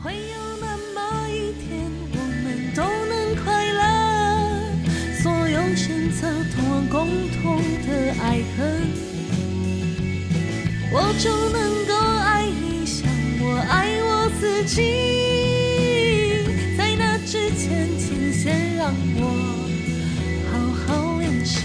會有那麼一天，我們都能快樂，所有選擇通往共同的愛恨，我就能夠愛你，像我愛我自己。在那之前，請先讓我好好練習。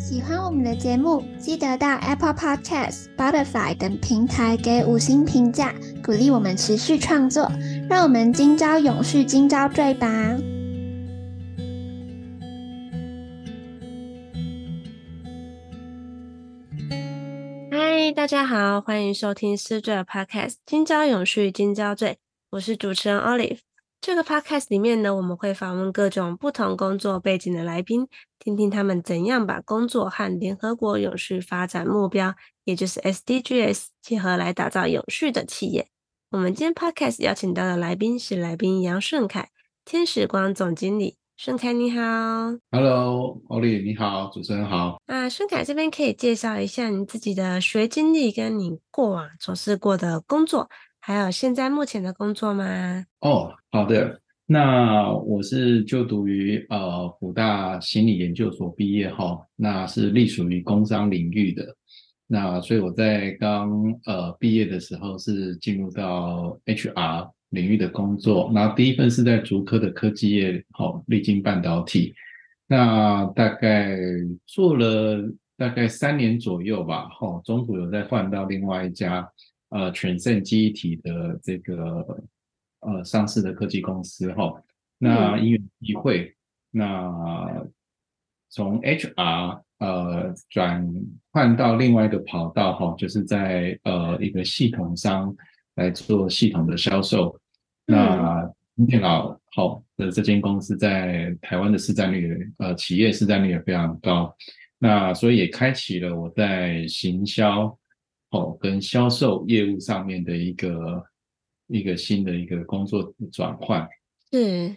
喜歡我們的節目。記得到 Apple Podcast、Spotify 等平台給五星評價，鼓勵我們持續創作，讓我們今朝永續，今朝綴吧！嗨，大家好，歡迎收聽《思綴的 Podcast》，s 今朝永續，今朝綴，我是主持人 Olive。這個 podcast 裡面呢，我們會訪問各種不同工作背景的來賓，聽聽他們怎樣把工作和聯合國永續發展目標，也就是 SDGs 結合來打造永續的企業。我們今天 podcast 邀請到的來賓是來賓楊順凱，天使光總經理。順凱你好，Hello，歐麗你好，主持人好。啊，順凱這邊可以介紹一下你自己的學經歷跟你過往從事過的工作，還有現在目前的工作嗎？哦，好的，那我是就讀於呃輔大心理研究所畢業哈，那是隸屬於工商領域的，那所以我在剛呃畢業的時候是進入到 HR 領域的工作，那第一份是在竹科的科技業哦，力晶半導體，那大概做了大概三年左右吧，哈、哦，中途有再換到另外一家。呃，全盛記憶體的這個呃上市的科技公司哈、哦，那因緣際會，那從 HR 呃轉換到另外一個跑道哈、哦，就是在呃一個系統商來做系統的銷售。那今電腦好的這間公司在台灣的市占率呃，企業市占率也非常高，那所以也開啟了我在行銷。哦，跟銷售業務上面的一個一個新的一個工作轉換，是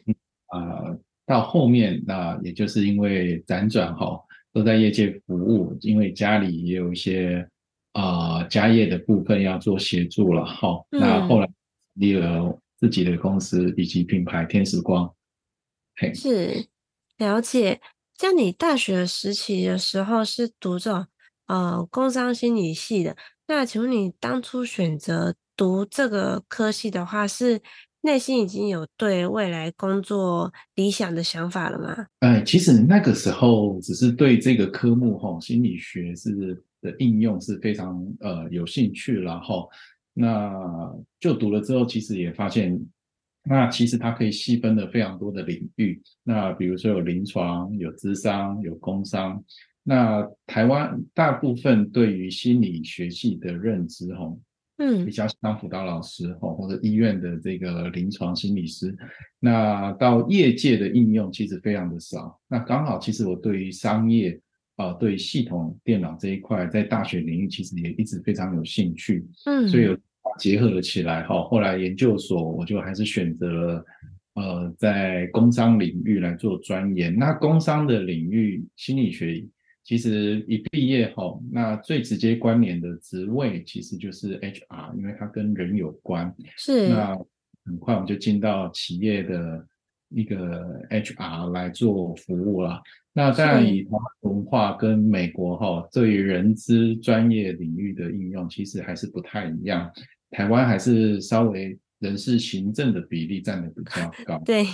啊、嗯呃，到後面那、呃、也就是因為輾轉哈、哦，都在業界服務，因為家裡也有一些啊、呃、家業的部分要做協助了哈。哦嗯、那後來立了自己的公司以及品牌天使光，嘿。是，了解。在你大學時期的時候是讀這種、呃、工商心理系的。那請問你當初選擇讀這個科系的話，是內心已經有對未來工作理想的想法了嗎？哎，其實那個時候只是對這個科目吼，心理學是的應用是非常呃有興趣，然後那就讀了之後，其實也發現那其實它可以細分的非常多的領域，那比如說有臨床、有諮商、有工商。那台灣大部分對於心理學系的認知，吼，嗯，比較像當輔導老師，吼，或者醫院的這個臨床心理師。那到業界的應用其實非常的少。那剛好，其實我對於商業啊、呃，對系統電腦這一塊，在大學領域其實也一直非常有興趣，嗯，所以有結合了起來，哈。後來研究所，我就還是選擇了，呃，在工商領域來做鑽研。那工商的領域心理學。其實一畢業後，那最直接關聯的職位其實就是 HR，因為它跟人有關。是。那很快我們就進到企業的一個 HR 來做服務了。那在以台灣文化跟美國哈對於人資專業領域的應用，其實還是不太一樣。台灣還是稍微人事行政的比例占得比較高。 對。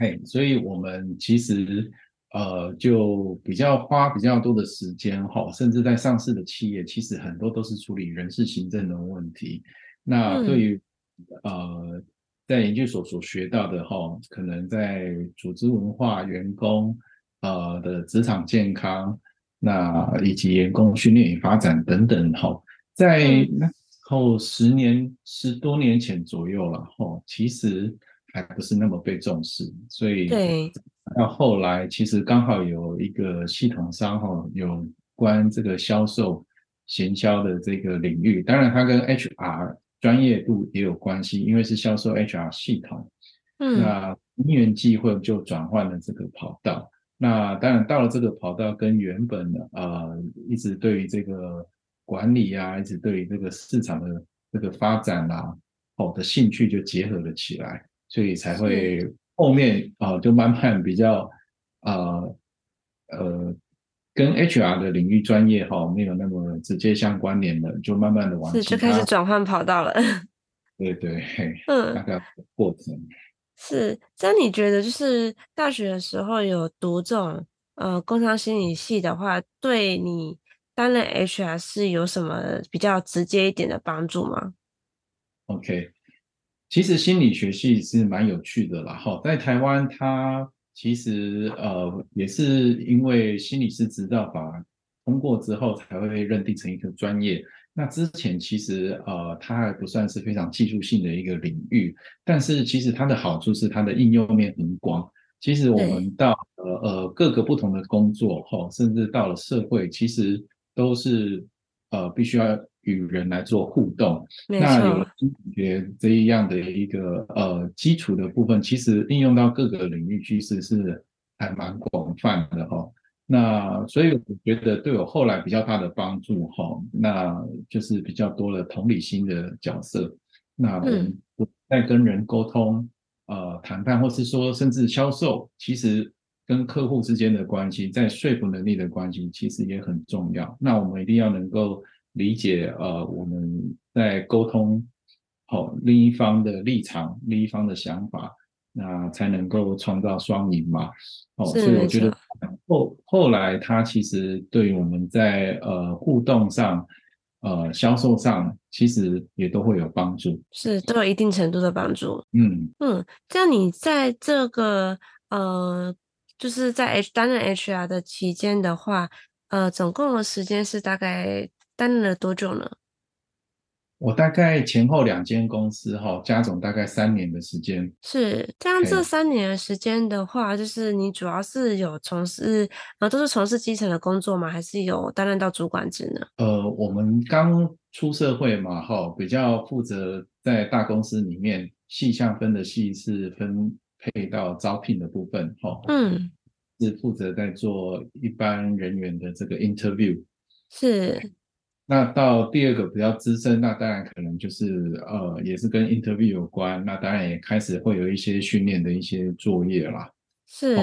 欸，所以我們其實。呃，就比較花比較多的時間哈，甚至在上市的企業，其實很多都是處理人事行政的問題。那對於、嗯、呃，在研究所所學到的哈，可能在組織文化、員工呃的職場健康，那以及員工訓練與發展等等哈，在那後十年十多年前左右了哈，其實。還不是那麼被重視，所以到後來，其實剛好有一個系統商哈、哦，有關這個銷售、行銷的這個領域，當然它跟 HR 專業度也有關係，因為是銷售 HR 系統。嗯，那因緣際會就轉換了這個跑道。那當然到了這個跑道，跟原本的呃一直對於這個管理啊，一直對於這個市場的這個發展啊，好、哦、的興趣就結合了起來。所以才會後面啊，就慢慢比較，呃呃，跟 HR 的領域專業哈、哦，沒有那麼直接相關聯的，就慢慢的往是，就開始轉換跑道了。對對，嗯，大概過程是。在你覺得，就是大學的時候有讀這種呃工商心理系的話，對你擔任 HR 是有什麼比較直接一點的幫助嗎？OK。其實心理學系是蠻有趣的啦，好，在台灣它其實呃也是因為心理師指導法通過之後才會被認定成一個專業。那之前其實呃它還不算是非常技術性的一個領域，但是其實它的好處是它的應用面很廣。其實我們到對呃各個不同的工作，哈，甚至到了社會，其實都是。呃，必須要與人來做互動，沒錯。那有這些這一樣的一個呃基礎的部分，其實應用到各個領域其實是,是還蠻廣泛的哈。那所以我覺得對我後來比較大的幫助哈，那就是比較多了同理心的角色。那我在跟人溝通、呃談判，或是說甚至銷售，其實。跟客戶之間的關係，在說服能力的關係，其實也很重要。那我們一定要能夠理解，呃，我們在溝通，哦，另一方的立場，另一方的想法，那、呃、才能夠創造雙贏嘛。哦，是所以我覺得後是後來他其實對於我們在呃互動上，呃，銷售上，其實也都會有幫助。是，都有一定程度的幫助。嗯嗯，像、嗯、你在這個呃。就是在 H 擔任 HR 的期間的話，呃，總共的時間是大概擔任了多久呢？我大概前後兩間公司哈，加總大概三年的時間。是，這樣這三年的時間的話，以就是你主要是有從事，呃，都是從事基層的工作嗎？還是有擔任到主管職能？呃，我們剛出社會嘛，哈，比較負責在大公司裡面細項分的細是分。配到招聘的部分，哦，嗯，是負責在做一般人員的這個 interview，是。那到第二個比較資深，那當然可能就是呃，也是跟 interview 有關，那當然也開始會有一些訓練的一些作業啦。是、哦。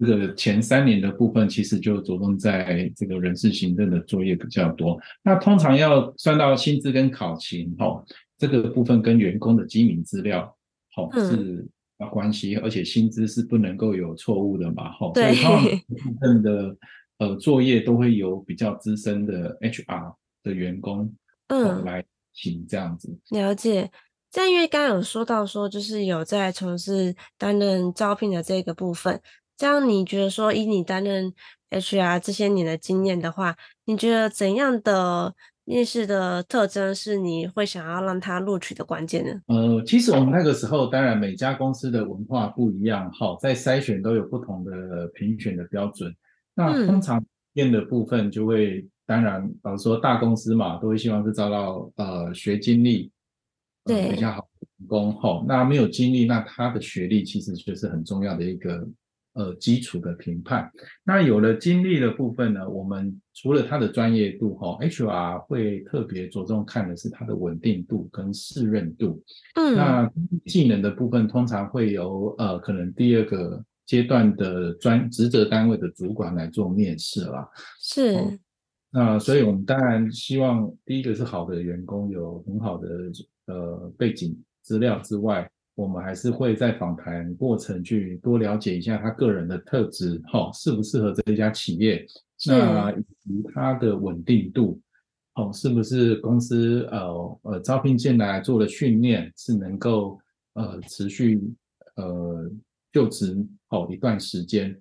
這個前三年的部分，其實就着重在這個人事行政的作業比較多。那通常要算到薪資跟考勤，哦，這個部分跟員工的機密資料，哦，嗯、是。啊，關係，而且薪資是不能夠有錯誤的嘛，吼對，所以他們的呃作業都會有比較資深的 HR 的員工嗯、哦、來行這樣子。了解，這樣因為剛剛有說到說，就是有在從事擔任招聘的這個部分，這樣你覺得說，以你擔任 HR 這些年的經驗的話，你覺得怎樣的？面試的特徵是你會想要讓他錄取的關鍵人。呃，其實我們那個時候，當然每家公司的文化不一樣，好、哦，在篩選都有不同的評選的標準。那通常面的部分就會，嗯、當然，比如說大公司嘛，都會希望是招到呃學經歷、呃、對比較好工。後、哦，那沒有經歷，那他的學歷其實就是很重要的一個。呃，基礎的評判，那有了經歷的部分呢？我們除了他的專業度哈、哦，HR 會特別着重看的是他的穩定度跟適任度。嗯，那技能的部分通常會由呃，可能第二個階段的專職責單位的主管來做面試啦。是、哦。那所以我們當然希望第一個是好的員工，有很好的呃背景資料之外，我們還是會，在訪談過程去多了解一下他個人的特質，哈、哦，適不適合這一家企業，是那以及他的穩定度，哦，是不是公司呃呃招聘進來做了訓練，是能夠呃持續呃就職好、哦、一段時間，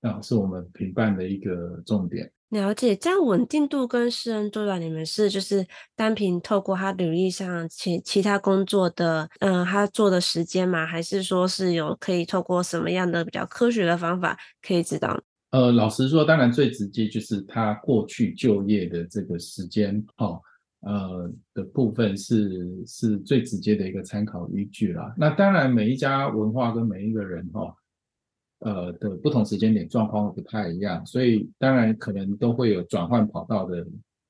啊，是我們評判的一個重點。了解，這樣穩定度跟私人督導，你們是就是單憑透過他履歷上其其他工作的嗯、呃、他做的時間嗎？還是說是有可以透過什麼樣的比較科學的方法可以知道？呃，老實說，當然最直接就是他過去就業的這個時間哈、哦、呃的部分是是最直接的一個參考依據啦。那當然每一家文化跟每一個人哈。哦呃的不同時間點狀況不太一樣，所以當然可能都會有轉換跑道的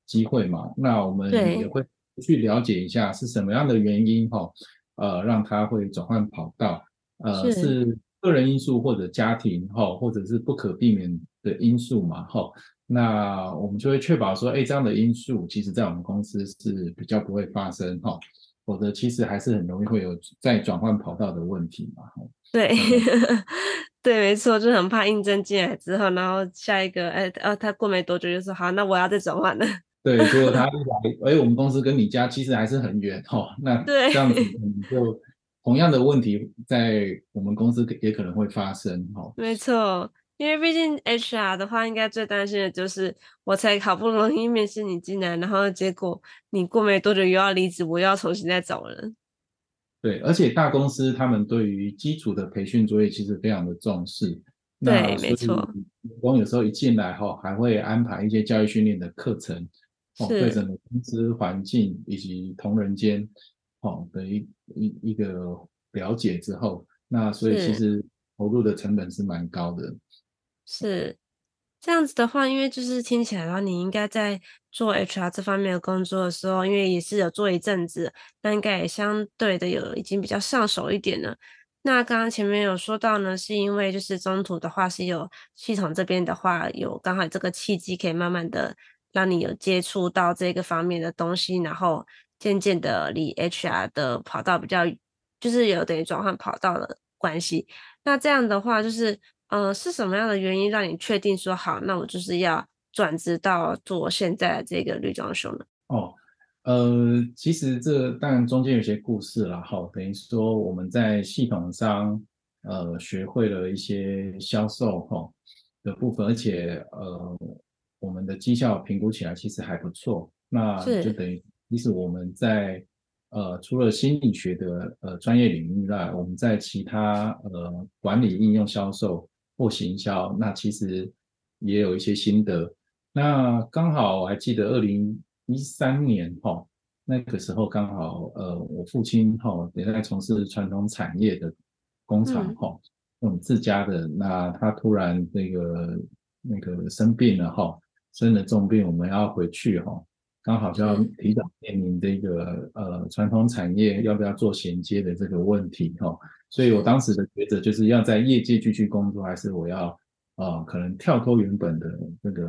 機會嘛。那我們也會去了解一下是什麼樣的原因哈，呃，讓他會轉換跑道，呃，是，是個人因素或者家庭哈，或者是不可避免的因素嘛哈。那我們就會確保說，哎，這樣的因素其實在我們公司是比較不會發生哈，否則其實還是很容易會有再轉換跑道的問題嘛。對。呃 對，沒錯，就很怕應徵進來之後，然後下一個，哎，呃、啊，他過沒多久就說，好，那我要再轉換了。對，如果他一來， 哎，我們公司跟你家其實還是很遠哈、哦，那對這樣子你就同樣的問題在我們公司也可能會發生哈。哦、沒錯，因為畢竟 HR 的話，應該最擔心的就是，我才好不容易面試你進來，然後結果你過沒多久又要離職，我又要重新再找人。對，而且大公司他們對於基礎的培訓作業其實非常的重視。對，那沒錯。員工有時候一進來哈、哦，還會安排一些教育訓練的課程，哦，是對，整個公司環境以及同仁間，哈的一一一個了解之後，那所以其實投入的成本是蠻高的。是。是這樣子的話，因為就是聽起來，的話你應該在做 HR 這方面的工作的時候，因為也是有做一陣子，那應該也相對的有已經比較上手一點了。那剛剛前面有說到呢，是因為就是中途的話是有系統這邊的話有剛好這個契機，可以慢慢的讓你有接觸到這個方面的東西，然後漸漸的離 HR 的跑道比較就是有等於轉換跑道的關係。那這樣的話就是。呃，是什麼樣的原因讓你確定說好？那我就是要轉職到做現在這個綠裝修呢？哦，呃，其實這當然中間有些故事了哈、哦。等於說我們在系統上呃學會了一些銷售哈、哦、的部分，而且呃我們的績效評估起來其實還不錯。那就等於是其實我們在呃除了心理學的呃專業領域外，我們在其他呃管理應用銷售。或行銷，那其實也有一些心得。那剛好我還記得二零一三年哈，那個時候剛好呃，我父親哈也在從事傳統產業的工廠哈，我們、嗯、自家的。那他突然那、這個那個生病了哈，生了重病，我們要回去哈，剛好就要提早面臨這個呃傳統產業要不要做銜接的這個問題哈。所以，我當時的抉擇就是要在業界繼續工作，還是我要呃可能跳脫原本的那個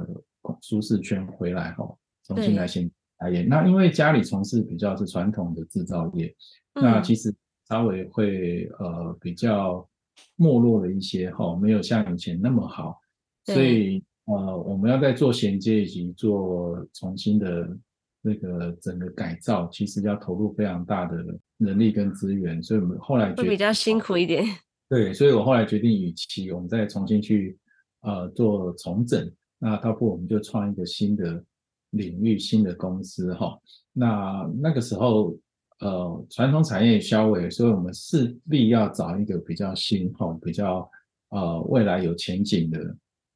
舒適圈回來哈，重新來新來業。對那因為家裡從事比較是傳統的製造業，嗯、那其實稍微會呃比較沒落了一些哈、呃，沒有像以前那麼好，所以對呃，我們要再做銜接以及做重新的，那個整個改造，其實要投入非常大的人力跟資源，所以我們後來決定會比較辛苦一點。對，所以我後來決定，與其我們再重新去呃做重整，那倒不我們就創一個新的領域、新的公司哈、哦。那那個時候呃傳統產業消萎，所以我們勢必要找一個比較新、哈、哦、比較呃未來有前景的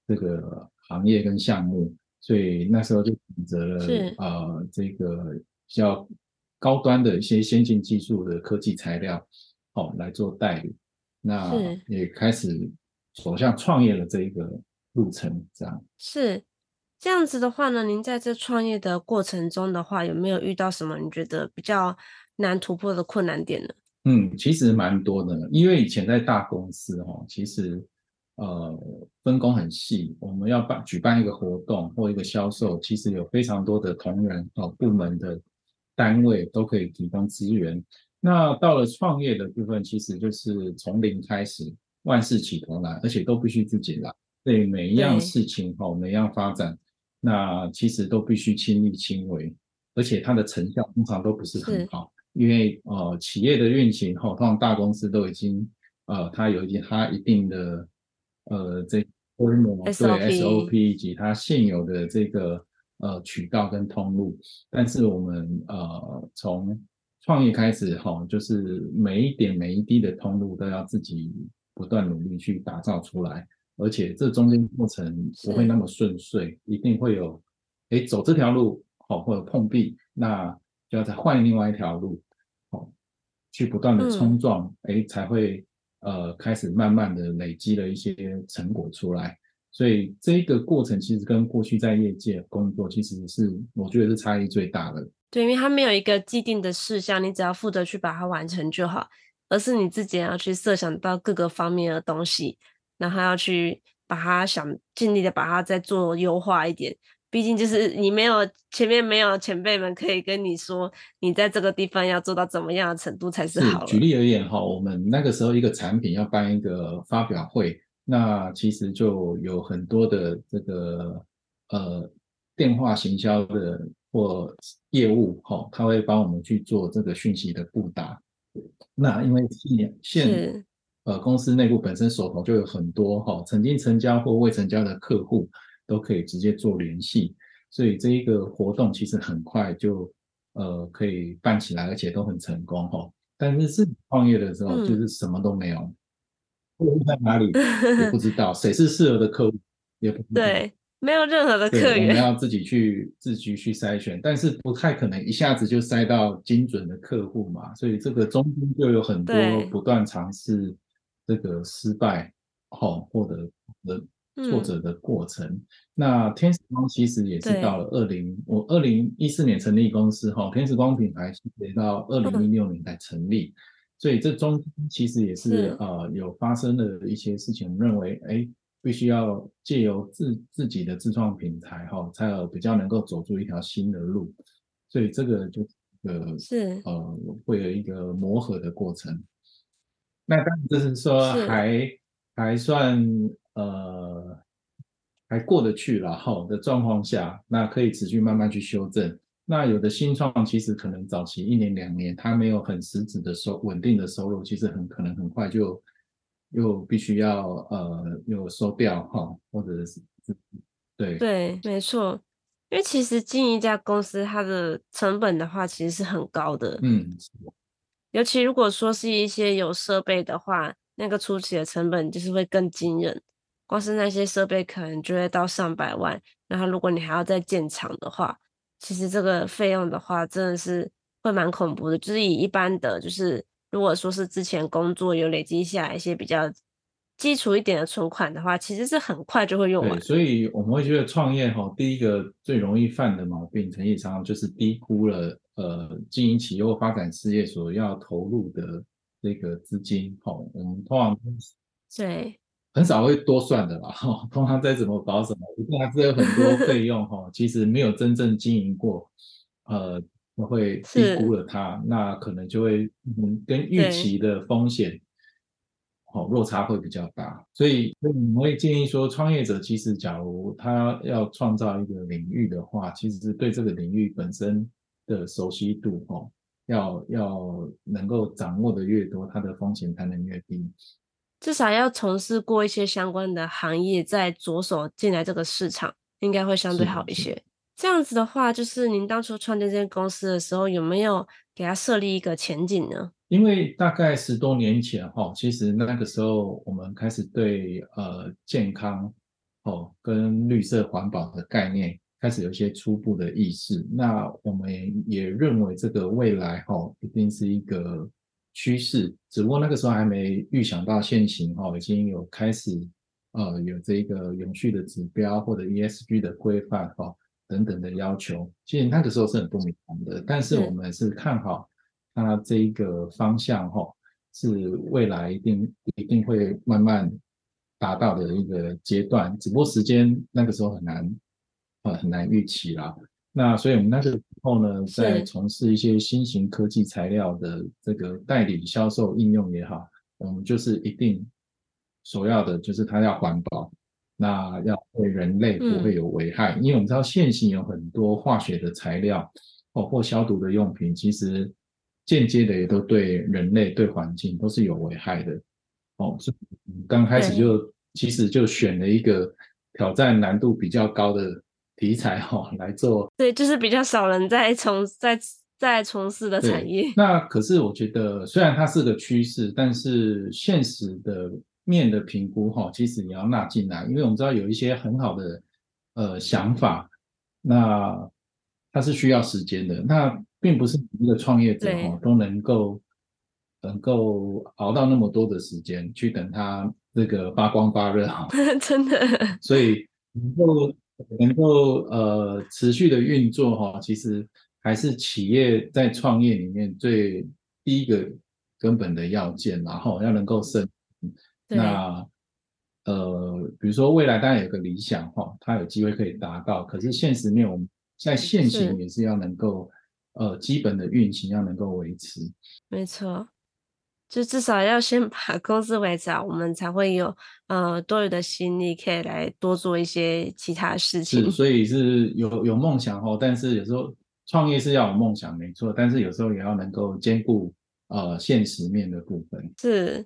這個行業跟項目。所以那時候就選擇了啊是、呃，這個比較高端的一些先進技術的科技材料，哦，來做代理。那也開始走向創業的這一個路程，這樣。是這樣子的話呢，您在這創業的過程中的話，有沒有遇到什麼你覺得比較難突破的困難點呢？嗯，其實蠻多的，因為以前在大公司，哈、哦，其實。呃，分工很細。我們要辦舉辦一個活動，或一個銷售，其實有非常多的同仁哦，部門的單位都可以提供資源。那到了創業的部分，其實就是從零開始，萬事起頭難，而且都必須自己來。對每一樣事情對哦，每一樣發展，那其實都必須親力親為，而且它的成效通常都不是很好，是因為呃，企業的運行哦，通常大公司都已經呃，它有一它一定的。呃，這，SOP。對 SOP 以及它現有的這個呃渠道、跟通路，但是我們呃從創業開始哈、哦，就是每一點每一滴的通路都要自己不斷努力去打造出來，而且這中間過程不會那麼順遂，是。一定會有哎走這條路好、哦、或者碰壁，那就要再換另外一條路好、哦、去不斷的衝撞，哎、嗯、才會。呃，開始慢慢的累積了一些成果出來，所以這個過程其實跟過去在業界工作其實是，我覺得是差異最大的。對，因為它沒有一個既定的事項，你只要負責去把它完成就好，而是你自己要去設想到各個方面的東西，然後要去把它想，盡力的把它再做優化一點。畢竟就是你沒有前面沒有前輩們可以跟你說，你在這個地方要做到怎麼樣的程度才是好的。舉例而言哈，我們那個時候一個產品要辦一個發表會，那其實就有很多的這個呃電話行銷的或業務哈，他、哦、會幫我們去做這個訊息的布達。那因為年現是呃公司內部本身手頭就有很多哈、哦、曾經成交或未成交的客戶。都可以直接做聯繫，所以這一個活動其實很快就呃可以辦起來，而且都很成功哈。但是自己創業的時候、嗯，、就是什麼都沒有，客戶在哪裡 也不知道，誰是適合的客戶 也不知道對，沒有任何的客源，我們要自己去自己去篩選，但是不太可能一下子就篩到精準的客戶嘛，所以這個中間就有很多不斷嘗試這個失敗哈，獲對得的。挫折的過程。嗯、那天使光其實也是到了二零對，我二零一四年成立公司哈、哦，天使光品牌是得到二零一六年才成立，嗯、所以這中間其實也是，是呃有發生了一些事情，認為哎必須要借由自自己的自創品牌哈，才有比較能夠走出一條新的路，所以這個就是一個是呃是呃會有一個磨合的過程。那當然就是說還是還算。呃，還過得去了，後的狀況下，那可以持續慢慢去修正。那有的新創其實可能早期一年兩年，它沒有很實質的收穩定的收入，其實很可能很快就又必須要呃，又收掉哈，或者是對對，沒錯。因為其實經營一家公司它的成本的話，其實是很高的，嗯，尤其如果說是一些有設備的話，那個初期的成本就是會更驚人。光是那些設備，可能就會到上百萬。然後，如果你還要再建廠的話，其實這個費用的話，真的是會蠻恐怖的。就是以一般的，就是如果說是之前工作有累積下來一些比較基礎一點的存款的話，其實是很快就會用完。對，所以我們會覺得創業哈，第一個最容易犯的毛病，程度上就是低估了呃經營企業或發展事業所要投入的這個資金。好，我們通常對。很少會多算的啦、哦？通常再怎麼保守，一定還是有很多費用。哈， 其實沒有真正經營過，呃，就會低估了它，是那可能就會跟、嗯、跟預期的風險，好對、哦、落差會比較大。所以，我也會建議說，創業者其實假如他要創造一個領域的話，其實是對這個領域本身的熟悉度，哈、哦，要要能夠掌握的越多，它的風險才能越低。至少要從事過一些相關的行業，再着手進來這個市場，應該會相對好一些。這樣子的話，就是您當初創建這間公司的時候，有沒有給他設立一個前景呢？因為大概十多年前哈，其實那個時候我們開始對呃健康哦跟綠色環保的概念開始有一些初步的意識，那我們也認為這個未來哈一定是一個趨勢，只不過那個時候還沒預想到現行哈、哦，已經有開始呃有這個永續的指標或者 ESG 的規範哈等等的要求，其實那個時候是很不明朗的。但是我們是看好它這一個方向哈、哦，是未來一定一定會慢慢達到的一個階段，只不過時間那個時候很難呃很難預期啦。那所以，我們那個時候呢，在從事一些新型科技材料的這個代理銷售應用也好，我們、嗯、就是一定首要的就是它要環保，那要對人類不會有危害。嗯、因為我們知道，現行有很多化學的材料哦，或消毒的用品，其實間接的也都對人類、對環境都是有危害的。哦，所以剛開始就、嗯、其實就選了一個挑戰難度比較高的。題材哈、哦、來做，對，就是比較少人在從在在從事的產業。那可是我覺得，雖然它是個趨勢，但是現實的面的評估哈、哦，其實你要納進來，因為我們知道有一些很好的呃想法，那它是需要時間的。那並不是每一個創業者哈、哦、對都能夠能夠熬到那麼多的時間去等它這個發光發熱哈， 真的。所以能夠。能夠呃持續的運作哈，其實還是企業在創業裡面最第一個根本的要件，然後要能夠生存。對那呃，比如說未來當然有個理想哈，他有機會可以達到，可是現實面我們在現行也是要能夠是呃基本的運行要能夠維持。沒錯。就至少要先把公司維持好，我們才會有呃多餘的心力可以來多做一些其他事情。是，所以是有有夢想哦，但是有時候創業是要有夢想沒錯，但是有時候也要能夠兼顧呃現實面的部分。是，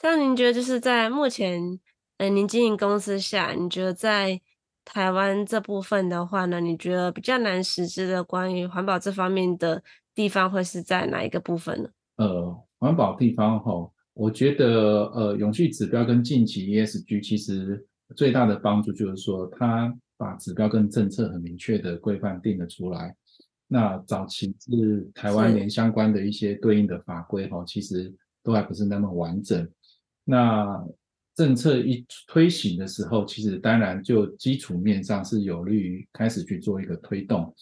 像您覺得就是在目前呃您經營公司下，你覺得在台灣這部分的話呢，你覺得比較難實施的關於環保這方面的地方會是在哪一個部分呢？呃。環保地方哈、哦，我覺得呃，永續指標跟近期 ESG 其實最大的幫助就是說，它把指標跟政策很明確的規範定了出來。那早期是台灣連相關的一些對應的法規哈、哦，是其實都還不是那麼完整。那政策一推行的時候，其實當然就基礎面上是有利於開始去做一個推動。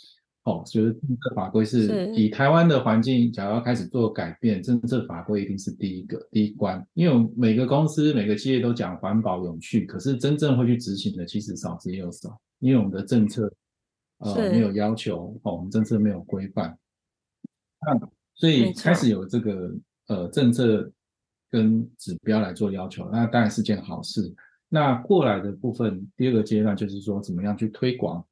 哦，就是政策法規是以台灣的環境，是假如要開始做改變，政策法規一定是第一個第一關。因為我們每個公司每個企業都講環保永續，可是真正會去執行的其實少之又少。因為我們的政策呃是沒有要求，哦，我們政策沒有規範，那所以開始有這個沒錯呃政策跟指標來做要求，那當然是件好事。那過來的部分，第二個階段就是說，怎麼樣去推廣。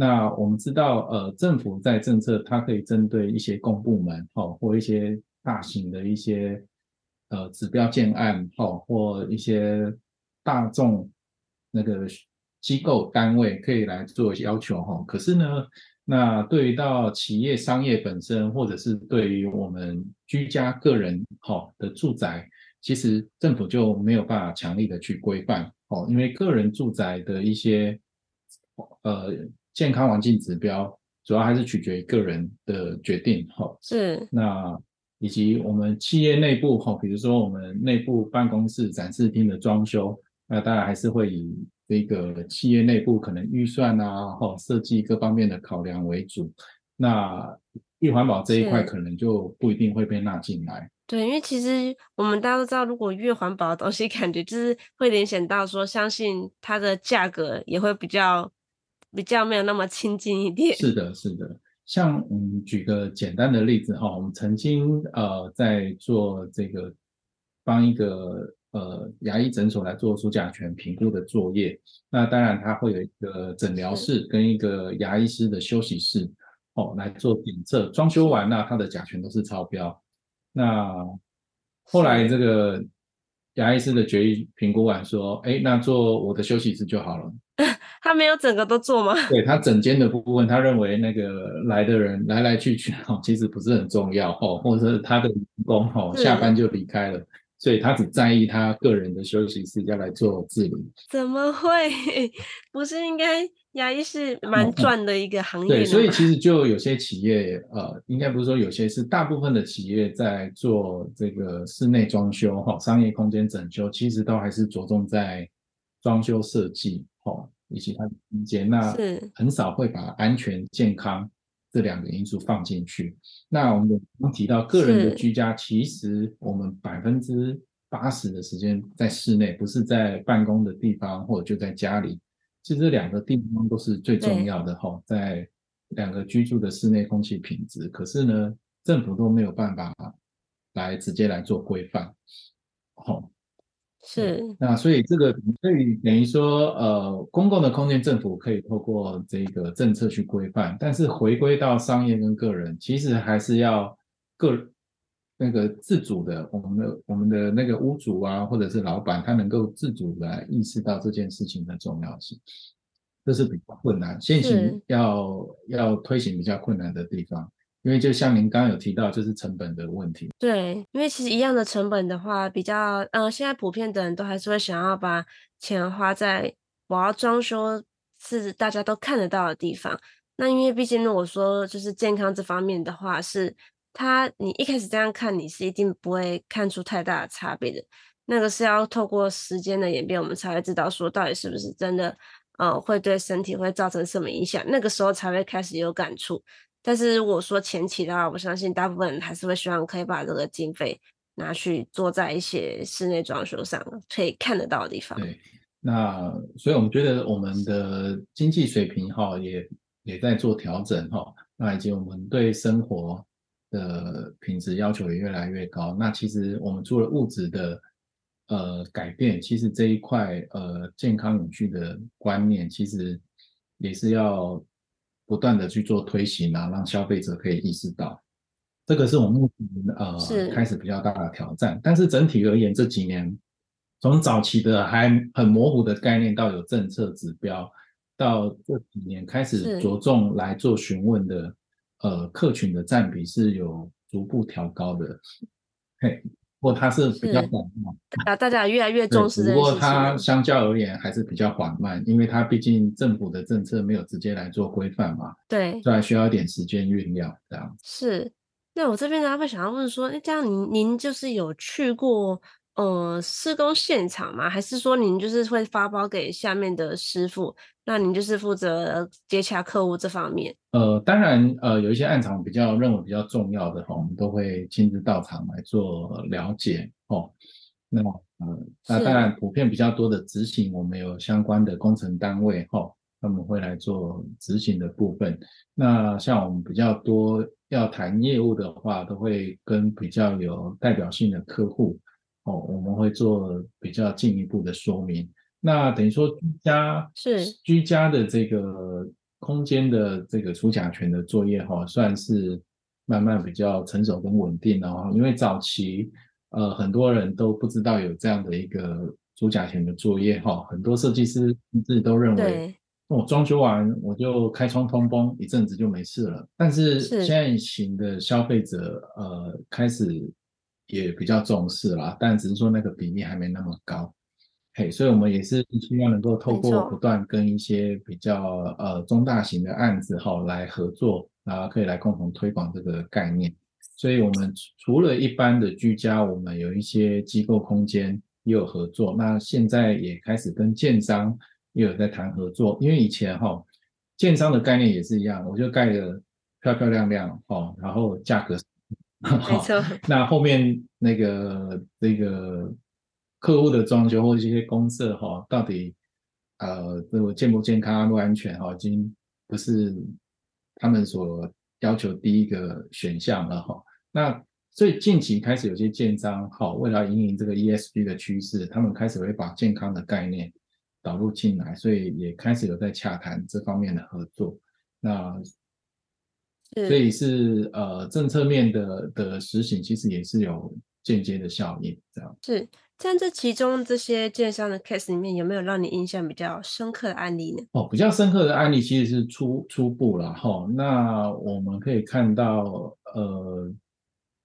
那我們知道，呃，政府在政策，它可以針對一些公部門，哦，或一些大型的一些，呃，指標建案，哦，或一些大衆那個機構單位可以來做要求，哦。可是呢，那對於到企業商業本身，或者是對於我們居家個人，哦，的住宅，其實政府就沒有辦法強力的去規範，哦，因為個人住宅的一些，呃。健康環境指標主要還是取決於個人的決定，哈，是。那以及我們企業內部，哈，比如說我們內部辦公室展示廳的裝修，那當然還是會以這個企業內部可能預算啊，哈，設計各方面的考量為主。那越環保這一塊，可能就不一定會被納進來。對，因為其實我們大家都知道，如果越環保的東西，感覺就是會聯想到說，相信它的價格也會比較。比較沒有那麼親近一點。是的，是的。像嗯，舉個簡單的例子哈、哦，我們曾經呃在做這個幫一個呃牙醫診所來做除甲醛評估的作業。那當然他會有一個診療室跟一個牙醫師的休息室是哦來做檢測。裝修完那他的甲醛都是超標。那後來這個牙醫師的決議評估完說，哎是、欸，那做我的休息室就好了。 他沒有整個都做嗎？對，他整間的部分，他認為那個來的人來來去去哦，其實不是很重要哦，或者是他的員工哦下班就離開了，對所以他只在意他個人的休息時間來做治理。怎麼會？不是應該牙醫是蠻賺的一個行業？ 對，所以其實就有些企業呃，應該不是說有些是，大部分的企業在做這個室內裝修哈，商業空間整修，其實都還是着重在裝修設計。哦，以及它的空間，那很少會把安全、健康這兩個因素放進去。那我們剛剛提到個人的居家，是其實我們百分之八十的時間在室內，不是在辦公的地方，或者就在家裡，其實兩個地方都是最重要的。哈對，在兩個居住的室內空氣品質，可是呢，政府都沒有辦法來直接來做規範。好。是，那所以這個所以等於說，呃，公共的空間政府可以透過這個政策去規範，但是回歸到商業跟個人，其實還是要個那個自主的，我們的我們的那個屋主啊，或者是老闆，他能夠自主來意識到這件事情的重要性，這是比較困難，現行要是要推行比較困難的地方。因為就像您剛剛有提到，就是成本的問題。對，因為其實一樣的成本的話，比較，呃，現在普遍的人都還是會想要把錢花在我要裝修是大家都看得到的地方。那因為畢竟呢，我說就是健康這方面的話，是它你一開始這樣看你是一定不會看出太大的差別的。那個是要透過時間的演變，我們才會知道說到底是不是真的，呃，會對身體會造成什麼影響。那個時候才會開始有感觸。但是我說前期的話，我相信大部分人還是會希望可以把這個經費拿去做在一些室內裝修上，可以看得到的地方。對，那所以我們覺得我們的經濟水平哈，也也在做調整哈、哦，那以及我們對生活的品質要求也越來越高。那其實我們做了物質的呃改變，其實這一塊呃健康永續的觀念，其實也是要，不斷的去做推行啊，讓消費者可以意識到，這個是我們目前、呃、是開始比較大的挑戰。但是整體而言，這幾年從早期的還很模糊的概念，到有政策指標，到這幾年開始着重來做詢問的是呃客群的占比是有逐步調高的，嘿。不過它是比較緩慢啊，大家越來越重視。不過它相較而言還是比較緩慢，對因為它畢竟政府的政策沒有直接來做規範嘛，對，所以需要一點時間醞釀這樣。啊、是，那我這邊呢會想要問說，哎、欸，這樣，您您就是有去過呃施工現場嗎？還是說您就是會發包給下面的師傅？那您就是負責接洽客戶這方面，呃，當然，呃，有一些案場比較認為比較重要的，哦、我們都會親自到場來做了解哦。那麼，呃，那當然是普遍比較多的執行，我們有相關的工程單位哈、哦，他們會來做執行的部分。那像我們比較多要談業務的話，都會跟比較有代表性的客戶哦，我們會做比較進一步的說明。那等於說，居家是居家的這個空間的這個除甲醛的作業哈、哦，算是慢慢比較成熟跟穩定的、哦、哈。因為早期呃很多人都不知道有這樣的一個除甲醛的作業哈、哦，很多設計師甚至都認為我對、哦、裝修完我就開窗通風一陣子就沒事了。但是現在型的消費者呃開始也比較重視啦，但只是說那個比例還沒那麼高。所以，我們也是希望能夠透過不斷跟一些比較呃中大型的案子哈，來合作啊，可以來共同推廣這個概念。所以，我們除了一般的居家，我們有一些機構空間也有合作。那現在也開始跟建商也有在談合作，因為以前哈，建商的概念也是一樣，我就蓋得漂漂亮亮哈，然後價格，沒錯，那後面那個那個。客戶的裝修或者這些公設哈，到底呃，這個健不健康，安不安全哈，已經不是他們所要求第一個選項了哈。那所以近期開始有些建商好，為了引領這個 ESG 的趨勢，他們開始會把健康的概念導入進來，所以也開始有在洽談這方面的合作。那所以是呃，政策面的的實行，其實也是有。間接的效應，這樣是。像這其中這些建商的 case 裡面，有沒有讓你印象比較深刻的案例呢？哦，比較深刻的案例其實是初初步了哈、哦。那我們可以看到，呃，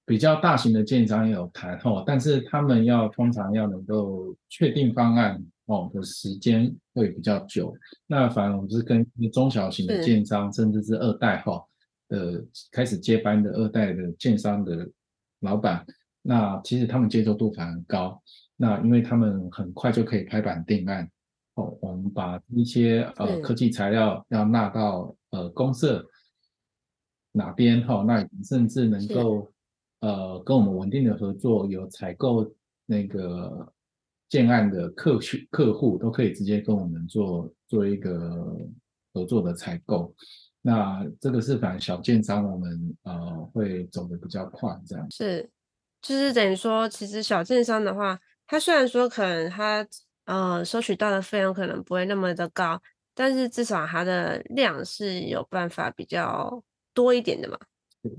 比較大型的建商也有談哈、哦，但是他們要通常要能夠確定方案哦的時間會比較久。那反而我們是跟中小型的建商，是甚至是二代哈的、哦、呃、開始接班的二代的建商的老闆。那其實他們接受度反而很高，那因為他們很快就可以拍板定案。哦，我們把一些呃科技材料要納到是呃公社哪邊哈，哦，那甚至能夠是呃跟我們穩定的合作，有採購那個建案的客戶客戶都可以直接跟我們做做一個合作的採購。那這個是反小建商，我們呃會走得比較快這樣。是。就是等於說，其實小建商的話，他雖然說可能他呃收取到的費用可能不會那麼的高，但是至少他的量是有辦法比較多一點的嘛。對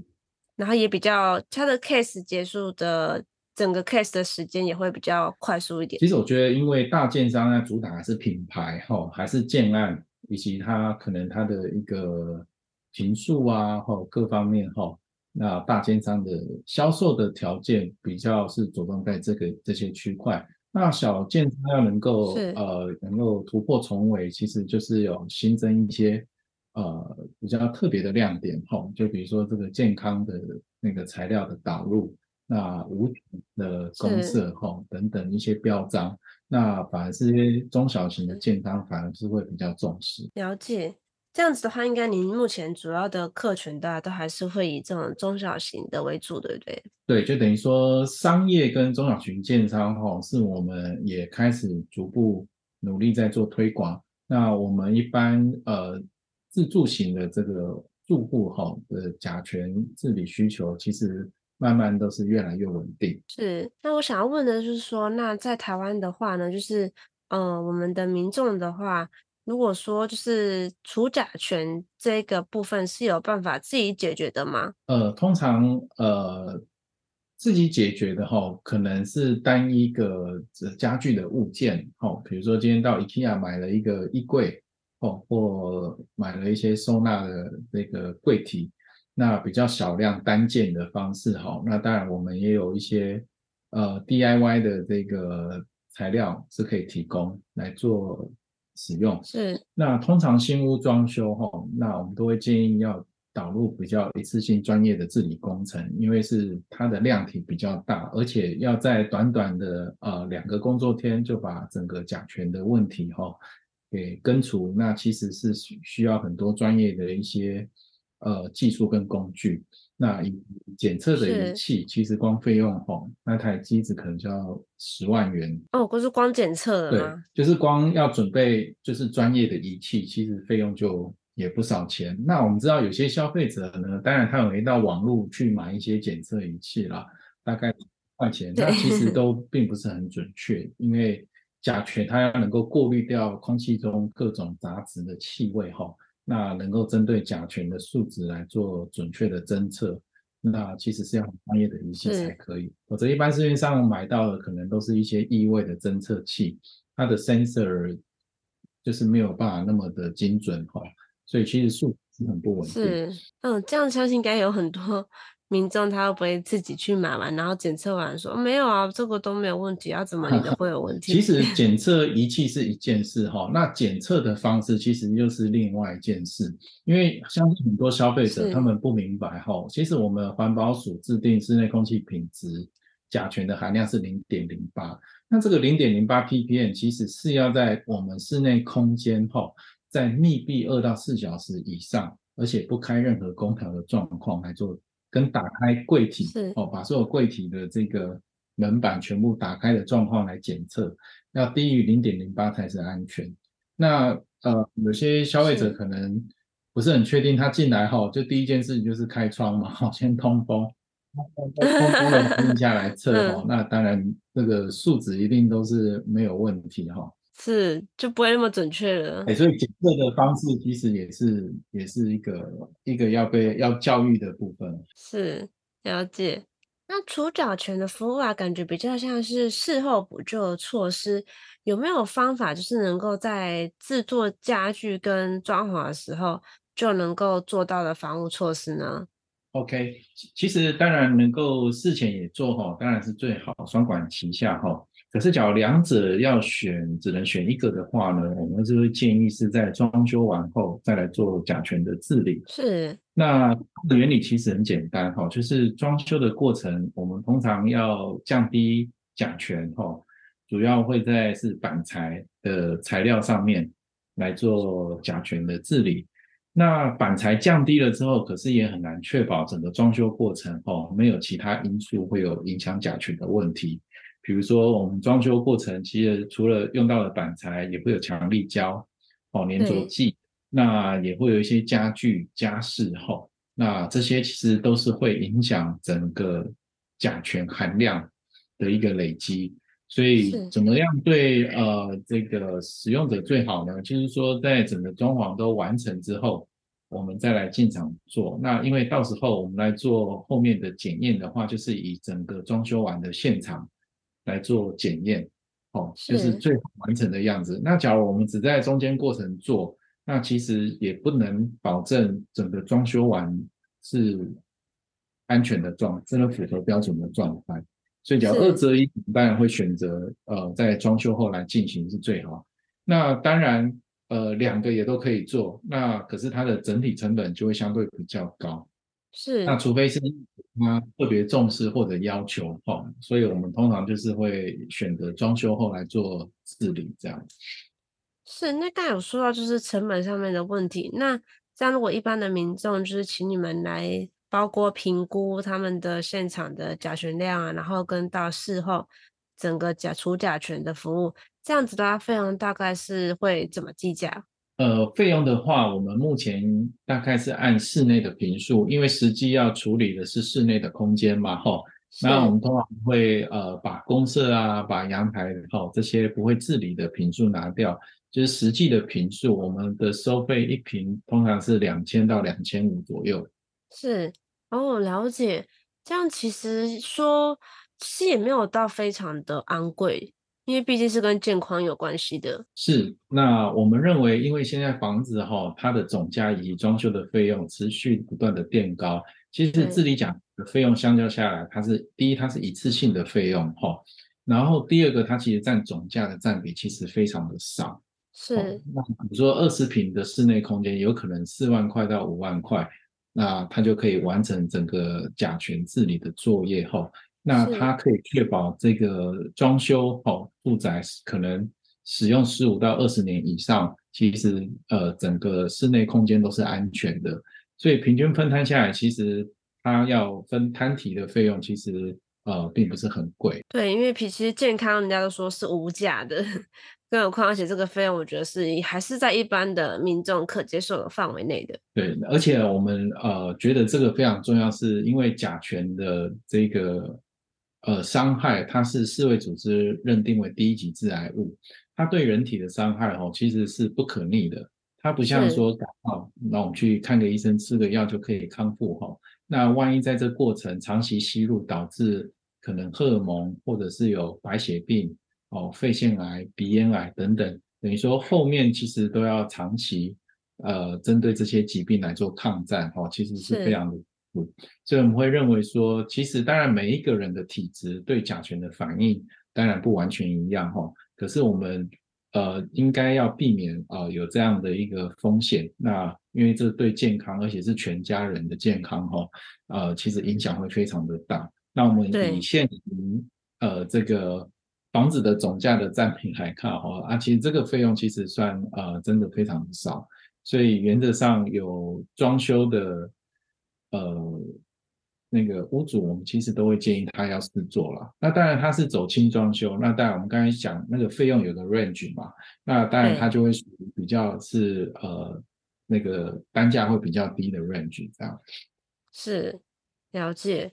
然後也比較他的 case 結束的整個 case 的時間也會比較快速一點。其實我覺得，因為大建商啊，主打還是品牌哈、哦，還是建案以及它可能它的一個坪數啊，哈、哦，各方面哈。哦那大建商的銷售的條件比較是着重在這個這些區塊，那小建商要能夠是呃能夠突破重圍，其實就是有新增一些呃比較特別的亮點吼，就比如說這個健康的那個材料的導入，那無毒的公社吼是等等一些標章，那反而這些中小型的建商反而是會比較重視了解。這樣子的話，應該您目前主要的客群大家都還是會以這種中小型的為主，對不對？對，就等於說商業跟中小型建商吼，是我們也開始逐步努力在做推廣。那我們一般呃，自住型的這個住戶吼的甲醛治理需求，其實慢慢都是越來越穩定。是，那我想要問的就是說，那在台灣的話呢，就是呃我們的民眾的話。如果說就是除甲醛這個部分是有辦法自己解決的嗎？呃，通常呃自己解決的哈、哦，可能是單一個家具的物件，哦，比如說今天到 IKEA 買了一個衣櫃，哦，或買了一些收納的這個櫃體，那比較小量單件的方式，好，那當然我們也有一些呃 DIY 的這個材料是可以提供來做。使用是，那通常新屋裝修哈，那我們都會建議要導入比較一次性專業的治理工程，因為是它的量體比較大，而且要在短短的呃兩個工作天就把整個甲醛的問題哈給根除，那其實是需需要很多專業的一些呃技術跟工具。那檢測的儀器是其實光費用吼，那台機子可能就要十萬元哦，不是光檢測的。對，就是光要準備就是專業的儀器，其實費用就也不少錢。那我們知道有些消費者呢，當然他有一道網絡去買一些檢測儀器啦，大概塊錢，對那其實都並不是很準確，因為甲醛它要能夠過濾掉空氣中各種雜質的氣味哈。那能夠針對甲醛的數值來做準確的偵測，那其實是要很專業的儀器才可以。否則是一般市面上買到的可能都是一些異味的偵測器，它的 sensor 就是沒有辦法那麼的精準哈。所以其實數值是很不穩定。是，嗯，這樣相信應該有很多。民眾他會不會自己去買完，然後檢測完說沒有啊，這個都沒有問題，要、啊、怎麼你都會有問題？其實檢測儀器是一件事哈，那檢測的方式其實又是另外一件事，因為相信很多消費者是他們不明白哈。其實我們環保署制定室內空氣品質甲醛的含量是零點零八，那這個零點零八 ppm 其實是要在我們室內空間哈，在密閉二到四小時以上，而且不開任何空調的狀況來做。能打開櫃體是哦，把所有櫃體的這個門板全部打開的狀況來檢測，要低於零點零八才是安全。那呃，有些消費者可能不是很確定，他進來哈，是就第一件事情就是開窗嘛，哈，先通風，通風通風的環境下來測哈、哦， 嗯、那當然這個數值一定都是沒有問題哈、哦。是就不會那麼準確了。哎、欸，所以檢測的方式其實也是也是一個一個要被要教育的部分。是，了解。那除甲醛的服務啊，感覺比較像是事後補救的措施。有沒有方法就是能夠在制作家具跟裝潢的時候就能夠做到的防護措施呢？OK，其實當然能夠事前也做好、哦，當然是最好雙管齊下哈、哦。可是，假如兩者要選，只能選一個的話呢？我們就會建議是在裝修完後再來做甲醛的治理。是，那原理其實很簡單哈，就是裝修的過程，我們通常要降低甲醛哈，主要會在是板材的材料上面來做甲醛的治理。那板材降低了之後，可是也很難確保整個裝修過程哦，沒有其他因素會有影響甲醛的問題。比如說，我們裝修過程其實除了用到了板材，也會有強力膠、哦粘着劑，對那也會有一些家具、家飾，吼，那這些其實都是會影響整個甲醛含量的一個累積。所以，怎麼樣對是呃這個使用者最好呢？就是說，在整個裝潢都完成之後，我們再來進場做。那因為到時候我們來做後面的檢驗的話，就是以整個裝修完的現場。來做檢驗，哦，就是最好完成的樣子。是那假如我們只在中間過程做，那其實也不能保證整個裝修完是安全的狀，真的符合標準的狀態。是所以假如二擇一，當然會選擇，呃，在裝修後來進行是最好。那當然，呃，兩個也都可以做，那可是它的整體成本就會相對比較高。是，那除非是他特別重視或者要求，所以我們通常就是會選擇裝修後來做治理這樣子。是，那剛才有說到就是成本上面的問題，那這樣如果一般的民眾就是請你們來包括評估他們的現場的甲醛量啊，然後跟到事後整個甲除甲醛的服務，這樣子的話，費用大概是會怎麼計價？呃，費用的話，我們目前大概是按室內的坪數，因為實際要處理的是室內的空間嘛，吼、哦。是那我們通常會呃把公設啊、把陽台吼、哦、這些不會治理的坪數拿掉，就是實際的坪數，我們的收費一坪通常是兩千到兩千五左右。是，然後我、哦、了解。這樣其實說，其實也沒有到非常的昂貴。因為畢竟是跟健康有關係的，是。那我們認為，因為現在房子哈、哦，它的總價以及裝修的費用持續不斷的變高，其實治理甲醛的費用相較下來，它是第一，它是一次性的費用哈、哦，然後第二個，它其實占總價的占比其實非常的少。是。哦、那比如說二十坪的室內空間，有可能四萬塊到五萬塊，那它就可以完成整個甲醛治理的作業哈。哦那它可以確保這個裝修好，住宅是、哦、可能使用十五到二十年以上，其實呃，整個室內空間都是安全的。所以平均分攤下來，其實它要分攤提的費用，其實呃，並不是很貴。對，因為其實健康人家都說是無價的，更何況而且這個費用，我覺得是還是在一般的民眾可接受的範圍內的。對，而且我們呃覺得這個非常重要，是因為甲醛的這個。呃，傷害它是世衛組織認定為第一級致癌物，它對人體的傷害哦，其實是不可逆的，它不像說感冒是，那我們去看個醫生吃個藥就可以康復吼、哦。那萬一在這過程長期吸入，導致可能荷爾蒙或者是有白血病哦、肺腺癌、鼻咽癌等等，等於說後面其實都要長期呃針對這些疾病來做抗戰吼、哦，其實是非常的。所以我們會認為說，其實當然每一個人的體質對甲醛的反應當然不完全一樣哈、哦。可是我們呃應該要避免啊、呃、有這樣的一個風險。那因為這對健康，而且是全家人的健康哈、哦。呃，其實影響會非常的大。那我們以現行呃這個房子的總價的占比來看哈，啊，其實這個費用其實算呃真的非常的少。所以原則上有裝修的。呃，那個屋主，我們其實都會建議他要試做了。那當然他是走輕裝修，那當然我們剛才講那個費用有個 range 嘛，那當然他就會比較是對呃那個單價會比較低的 range 這樣。是，了解。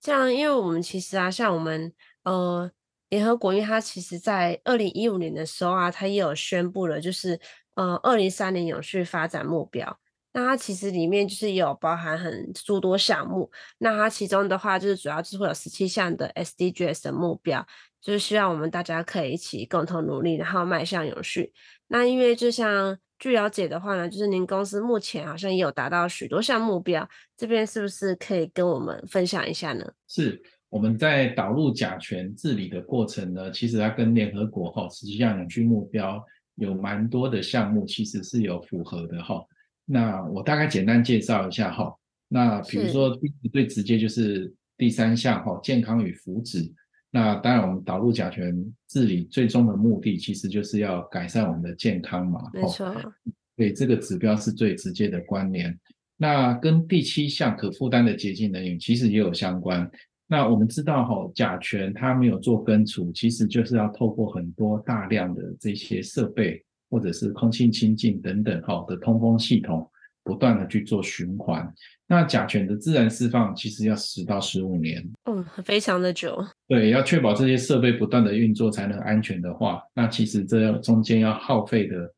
這樣，因為我們其實啊，像我們呃聯合國，因為它其實，在二零一五年的時候啊，它也有宣布了，就是呃二零三零永續發展目標。那它其實裡面就是有包含很諸多項目，那它其中的話就是主要就是會有十七項的 SDGs 的目標，就是希望我們大家可以一起共同努力，然後邁向永續。那因為就像據了解的話呢，就是您公司目前好像也有達到許多項目標，這邊是不是可以跟我們分享一下呢？是，我們在導入甲醛治理的過程呢，其實它跟聯合國哈十七項永續目標有蠻多的項目，其實是有符合的哈、哦。那我大概簡單介紹一下哈、哦。那比如說最直接就是第三項哈、哦，是健康與福祉。那當然我們導入甲醛治理最終的目的，其實就是要改善我們的健康嘛。沒錯。哦、對，這個指標是最直接的關聯。那跟第七項可負擔的潔淨能源其實也有相關。那我們知道哈、哦，甲醛它沒有做根除，其實就是要透過很多大量的這些設備。或者是空氣清淨等等，好的通風系統不斷的去做循環，那甲醛的自然釋放其實要十到十五年，嗯，非常的久。對，要確保這些設備不斷的運作才能安全的話，那其實這要中間要耗費的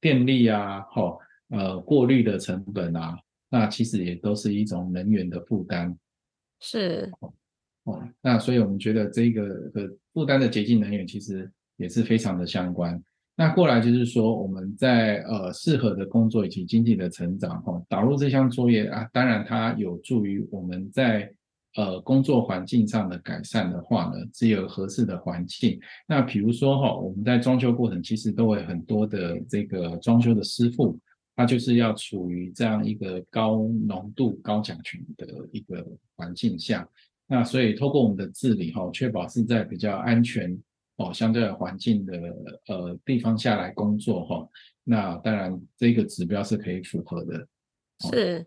電力啊，哈、哦，呃，過濾的成本啊，那其實也都是一種能源的負擔。是哦，哦，那所以我們覺得這個的負擔的潔淨能源其實也是非常的相關。那過來就是說，我們在呃適合的工作以及經濟的成長，哈，導入這項作業啊，當然它有助於我們在呃工作環境上的改善的話呢，只有合適的環境。那比如說哈、哦，我們在裝修過程其實都會很多的這個裝修的師傅，他就是要處於這樣一個高濃度高甲醛的一個環境下，那所以透過我們的治理哈、哦，確保是在比較安全，哦，相對環境的呃地方下來工作哈、哦，那當然這個指標是可以符合的。是，哦、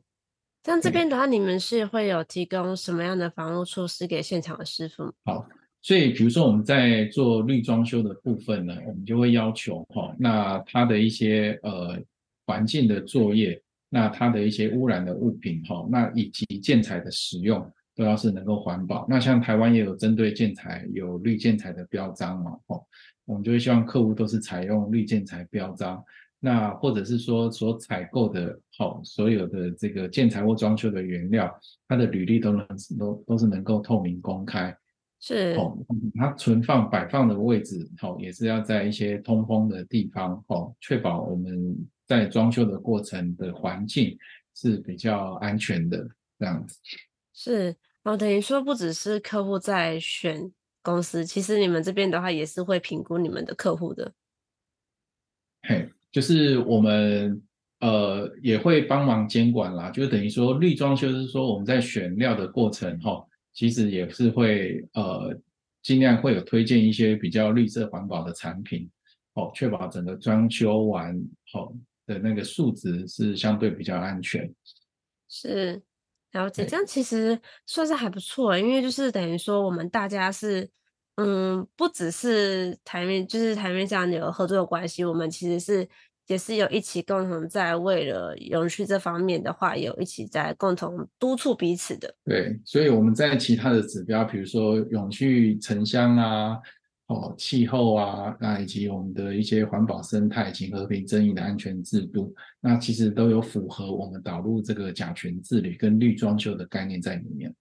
像這邊的話，對你們是會有提供什麼樣的防護措施給現場的師傅？好，所以比如說我們在做綠裝修的部分呢，我們就會要求哈、哦，那他的一些呃環境的作業，那他的一些污染的物品哈、哦，那以及建材的使用。都要是能夠環保，那像台灣也有針對建材，有綠建材的標章嘛，齁，我們就會希望客戶都是採用綠建材標章，那或者是說所採購的齁，所有的這個建材或裝修的原料，它的履歷都能都都是能夠透明公開。是哦，它存放擺放的位置齁，也是要在一些通風的地方齁，確保我們在裝修的過程的環境是比較安全的這樣子。是哦，我等於說不只是客戶在選公司，其實你們這邊的話也是會評估你們的客戶的。嘿，hey, 就是我們呃也會幫忙監管啦，就等於說綠裝修就是說我們在選料的過程哈、哦，其實也是會呃盡量會有推薦一些比較綠色環保的產品哦，確保整個裝修完後、哦、的那個數值是相對比較安全。是。然後這樣其實算是還不錯，對因為就是等於說我們大家是，嗯，不只是台面，就是台面上有合作的關係，我們其實是也是有一起共同在為了永續這方面的話，有一起在共同督促彼此的。對，所以我們在其他的指標，比如說永續城鄉啊。哦、氣候啊，那、啊、以及我們的一些環保、生態、以及和平、正義的安全制度，那其實都有符合我們導入這個甲醛治理跟綠裝修的概念在裡面。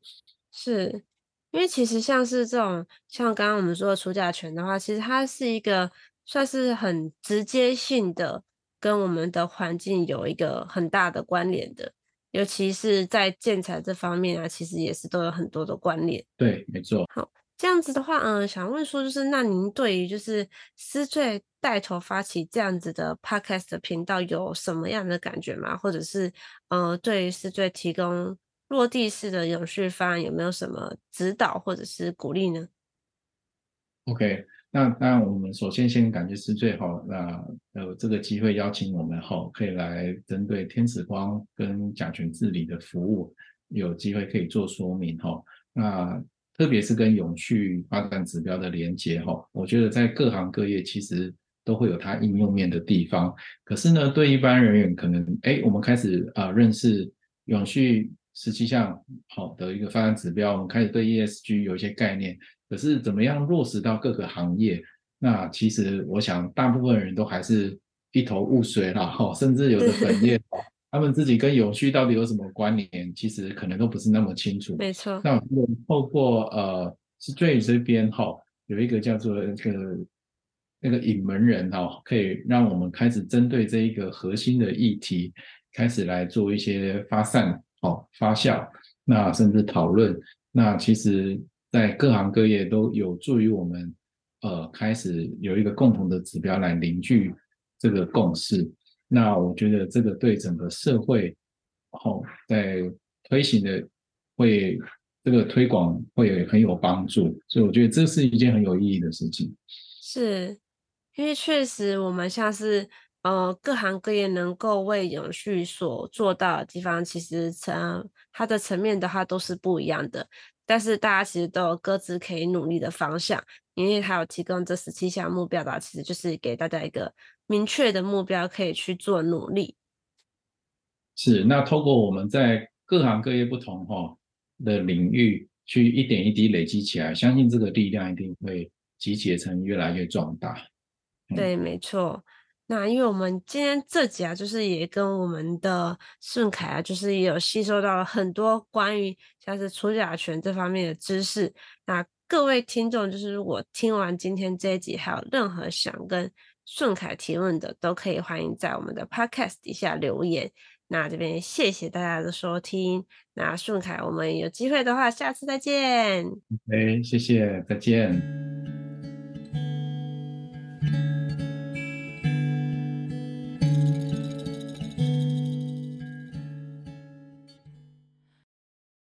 是因為其實像是這種，像剛剛我們說的除甲醛的話，其實它是一個算是很直接性的，跟我們的環境有一個很大的關聯的，尤其是在建材這方面啊，其實也是都有很多的關聯。對，沒錯。好。這樣子的話，嗯、呃，想問說，就是那您對於就是思綴帶頭發起這樣子的 Podcast 頻道有什麼樣的感覺嗎？或者是，呃，對於思綴提供落地式的永續方案，有沒有什麼指導或者是鼓勵呢？OK，那那我們首先先感覺思綴好，那有這個機會邀請我們，哈，可以來針對天使光跟甲醛治理的服務，有機會可以做說明，哈，那。特別是跟永續發展指標的連結哈，我覺得在各行各業其實都會有它應用面的地方。可是呢，對一般人員可能，哎、欸，我們開始啊、呃、認識永續十七項好的一個發展指標，我們開始對 ESG 有一些概念。可是怎麼樣落實到各個行業？那其實我想，大部分人都還是一頭霧水了哈，甚至有的本業。 他們自己跟永續到底有什麼關聯？其實可能都不是那麼清楚。沒錯。那我們透過呃，是俊這邊哈、哦，有一個叫做那個那個隱門人哈、哦，可以讓我們開始針對這一個核心的議題，開始來做一些發散哦、發酵，那甚至討論。那其實在各行各業都有助於我們呃，開始有一個共同的指標來凝聚這個共識。那我覺得這個對整個社會，好在推行的會這個推廣會很有幫助，所以我覺得這是一件很有意義的事情。是，因為確實我們像是呃各行各業能夠為永續所做到的地方，其實層它的層面的話都是不一樣的，但是大家其實都有各自可以努力的方向，因為它有提供這十七項目標的，其實就是給大家一個。明確的目標可以去做努力，是，那透過我們在各行各業不同哈的領域去一點一滴累積起來，相信這個力量一定會集結成越來越壯大。嗯、對，沒錯。那因為我們今天這集啊，就是也跟我們的順凱啊，就是也有吸收到了很多關於像是除甲醛這方面的知識。那各位聽眾，就是如果聽完今天這一集，還有任何想跟順凱提問的都可以，歡迎在我們的 podcast 底下留言。那這邊謝謝大家的收聽。那順凱，我們有機會的話，下次再見。哎，okay, 謝謝，再見。